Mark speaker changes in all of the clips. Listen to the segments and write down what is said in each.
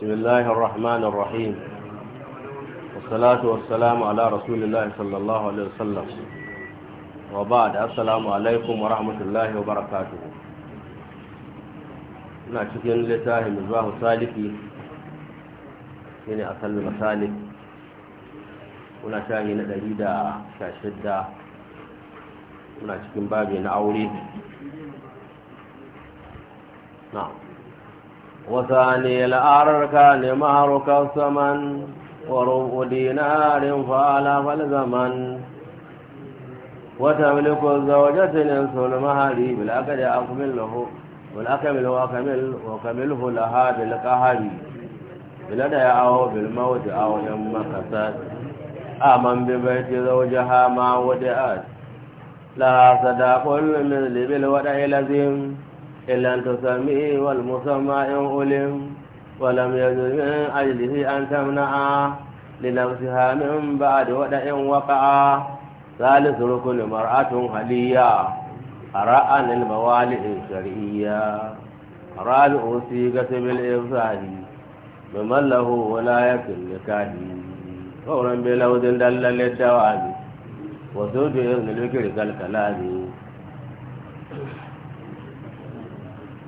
Speaker 1: بسم الله الرحمن الرحيم والصلاة والسلام على رسول الله صلى الله عليه وسلم وبعد السلام عليكم ورحمة الله وبركاته ina cikin littafin zuwa saliki shi ne asalin masalik muna shahi na ɗari da shida muna cikin babi na aure na وثاني الأركان مهرك الثمن وربع دينار فعلى فالزمن وتملك الزوجة نفس المهر بالأكد أكمله والأكمل وأكمل وكمله لها بالقهر بلدى أو بالموت أو إن مكثت آمن ببيت زوجها ما ودعت لها صداق المثل بالودع لزم
Speaker 2: إلا أن تسمي والمسمى إن ألم ولم يجد من أجله أن تمنع لنفسها من بعد
Speaker 1: ودع وقع ثالث ركن مرأة هدية أراء الموالئ الشرعية رابع صيغة بالإفساد ممن له ولاية النكاح فورا بلوز دل للدواب وزوج إذن الفكر كالكلام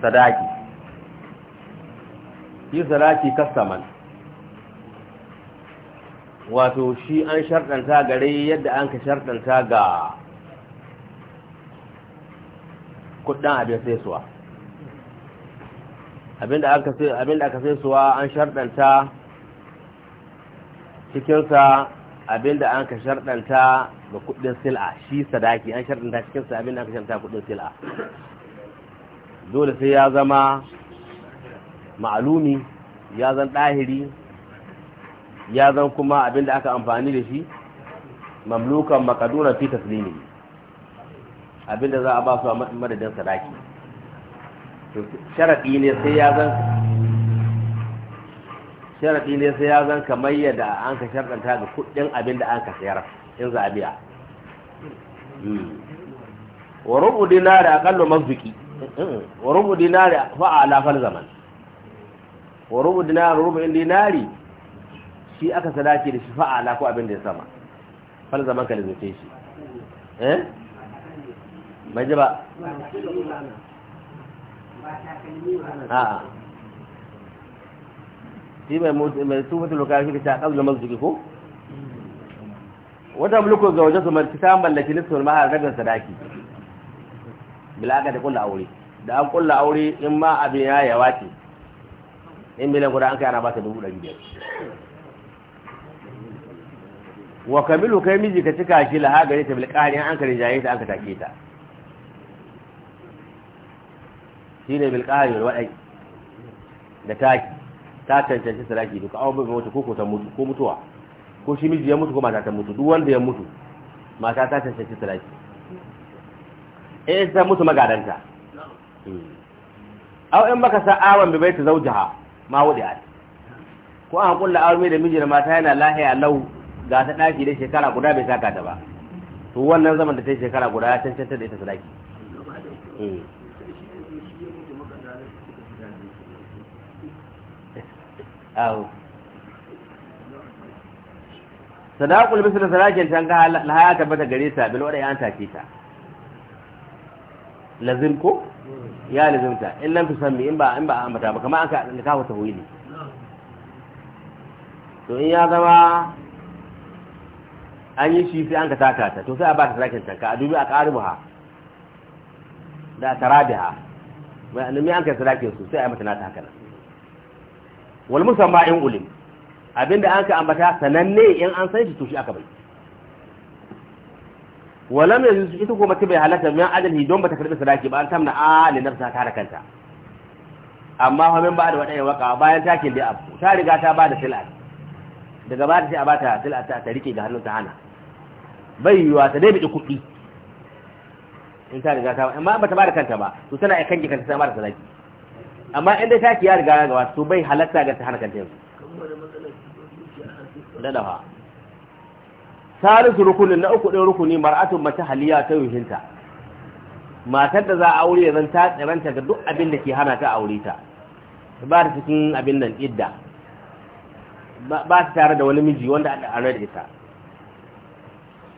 Speaker 1: sadaki yi sadaki kastaman wato shi an sharɗanta gare yadda an ka sharɗanta ga kudin abin sai suwa da aka sai suwa an sharɗanta cikinsa da an ka sharɗanta ga kudin sil'a shi sadaki an sharɗanta cikinsa da aka sharɗanta kudin sil'a dole sai ya zama ma'alumi ya zan ɗahiri ya zan kuma abinda aka amfani da shi mamlukan makaduna fi taslimi abinda za a ba su a madadin sadaki sharaɗi ne sai ya zan sharaɗi ne sai ya zan kamar yadda an ka sharɗanta ga kuɗin abinda an ka sayar in za a biya hmm. wa rubu dinar da aƙalla mazuki wa rubu dinari fa ala fal zaman wa rubu dinari shi aka sadaki da shi fa ala ko abin da ya sama fal zaman ka lizuce shi eh mai ba a'a shi mai mai tufatul kafi ta kabla mazduki ko wata mulku zawjatu man ta mallaki nisful mahar daga sadaki aka da kulla aure da an kulla aure in ma abin ya yawa ce in bilan guda an kai ana ba ta dubu ɗari biyar wa kamilu kai miji ka cika shi la gare ta bil qahri an kare jaye ta an ka take ta shine bil qahri wal wada'i da taki ta tantance raki duka awon bai mutu ko ta mutu ko mutuwa ko shi miji ya mutu ko mata ta mutu duk wanda ya mutu mata ta tantance raki eh sai mutu magadanta aw in baka sa awan bi baita zawjaha ma ai ko an kulla aure da miji da mata yana lahiya lau ga ta daki da shekara guda bai saka ta ba to wannan zaman da ta shekara guda ya cancanta da ita sadaki hmm. aw sadaqul misr sadakin tanga la haya tabbata gare ta bil wada an take ta lazim ko ya lazimta in nan tusammi in ba in ba ambata ba kamar ka da kawo tawili to in ya zama an yi shi sai an ka tata ta to sai a ba ta sakin tanka a dubi a ha da tarabiha wa annami an kai sadakin su sai a mata nata haka nan wal musamma in ulim abinda an ka ambata sananne in an san shi to shi aka bai walam mai yusuf ita kuma ta bai halatta mai adalci don bata karbi sadaki ba an tamna a ne nafsa ta kanta amma fa min ba da wadai waka bayan takin da abu ta riga ta ba da sil'a daga ba ta sai a bata sil'a ta ta rike ga hannun ta hana bai yiwa ta dai bi kuɗi in ta riga ta amma bata ba da kanta ba to tana kan kanta ta ba da sadaki amma in dai taki ya riga ga wasu bai halatta ga ta hana kanta yanzu da salisu rukunin na uku ɗin rukuni mar'atun mace haliya ta yuhinta matar da za a aure zan ta tsiranta ga duk abin da ke hana ta aure ta ba ta cikin abin nan idda ba ta tare da wani miji wanda a rar ita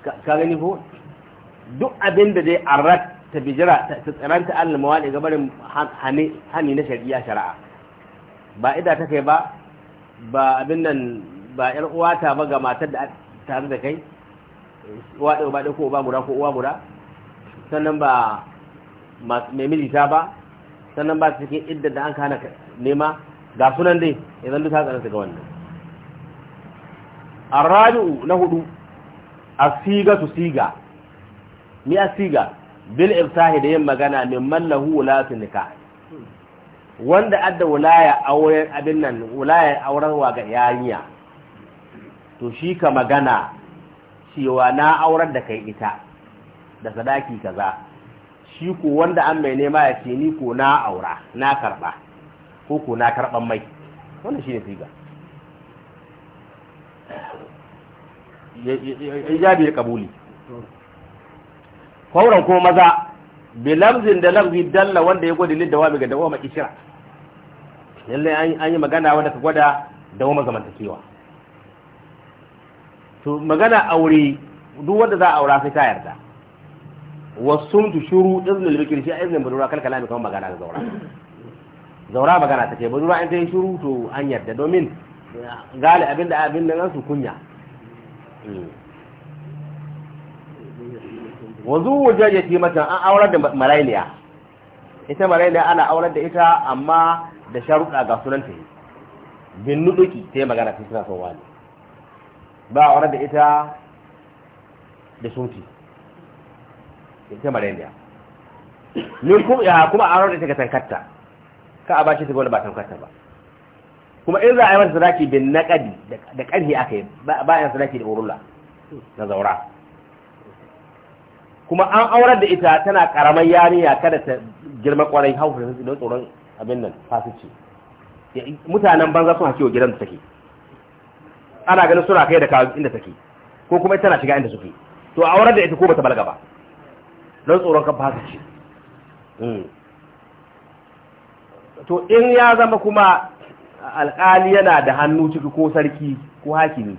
Speaker 1: ka gani ko duk abin da dai a rat ta bijira ta tsiranta an lamawa ga barin hani na shari'a shari'a ba idda ta kai ba ba abin nan ba 'yar uwata ba ga matar da tare da kai uwa ɗaya ba da ko uba guda ko uwa guda sannan ba mai milita ba sannan ba su cikin idda da an kana nema ga sunan dai idan duka su ga wannan arradu na hudu asiga su siga ni asiga bil irsahi da yin magana min mallahu lahu wulatu nikah wanda adda wulaya auren abin nan wulaya auren wa ga yarinya to shi ka magana cewa na aurar da kai ita da sadaki kaza shi ko wanda an mai nema ya ce ni ko na aura na karba ko ko na karban mai wannan shi shine siga ijabi da kabuli fauran ko maza bilamzin da lamzi dalla wanda ya gwada lid dawami ga dawama kishira lalle an yi magana wanda ka gwada dawama zamantakewa to magana aure duk wanda za a aura sai ta yarda wasu wasuntu shuru da bikri shi izinin budura kal kalami kamar magana ga zaura zaura magana take budura in ta yi shuru to an yarda domin gali abinda abinda nan su kunya wanzu wajen yake mata an aurar da marailiya ita marailiya ana aurar da ita amma da sharuɗa ga sunanta yi bin nuduki ta yi magana ta suna son wani ba a da ita da sunci ita mareniya min kuma a da ita ga tankatta ka a bashi ta gwada ba tankatta ba kuma in za a yi masa sadaki bin ƙadi da ƙarfi aka yi ba a yi sadaki da urula na zaura kuma an aurar da ita tana karamar yariya kada ta girma kwarai haifar da tsoron abin nan fasici mutanen banza suna kiwo gidan da take ana ganin suna kai da kawo inda take ko kuma ita na shiga inda suke to a wurin da ita ko bata balaga ba don tsoron kan fasa ce hmm. to in ya zama kuma alƙali yana da hannu ciki ko sarki ko hakimi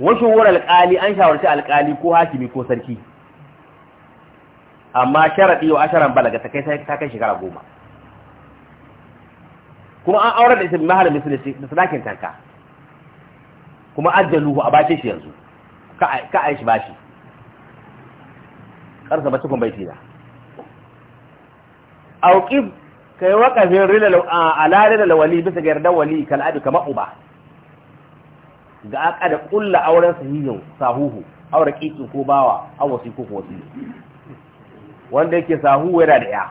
Speaker 1: wasu wurin alƙali an shawarci alƙali ko hakimi ko sarki amma sharaɗi wa asharan balaga ta kai ta kai shekara goma kuma an aurar da ita mahalin misali da sadakin tanka kuma ajjaluhu a bace shi yanzu ka a shi bashi karsa ba cikin baiti auki ka yi waqafin rila ala rila wali bisa ga yarda wali kal'adu abi kama uba ga aka da kulla auren sahihin sahuhu aure kiki ko bawa a wasi ko wasu wanda yake sahuhu yana da ya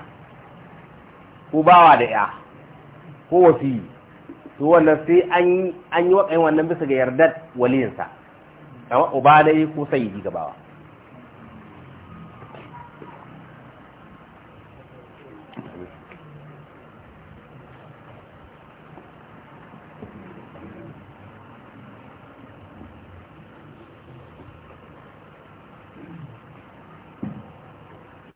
Speaker 1: ko bawa da ya ko wasi to wannan sai an yi waƙayin wannan bisa ga yardar waliyinsa kama uba na yi ko sayi gabawa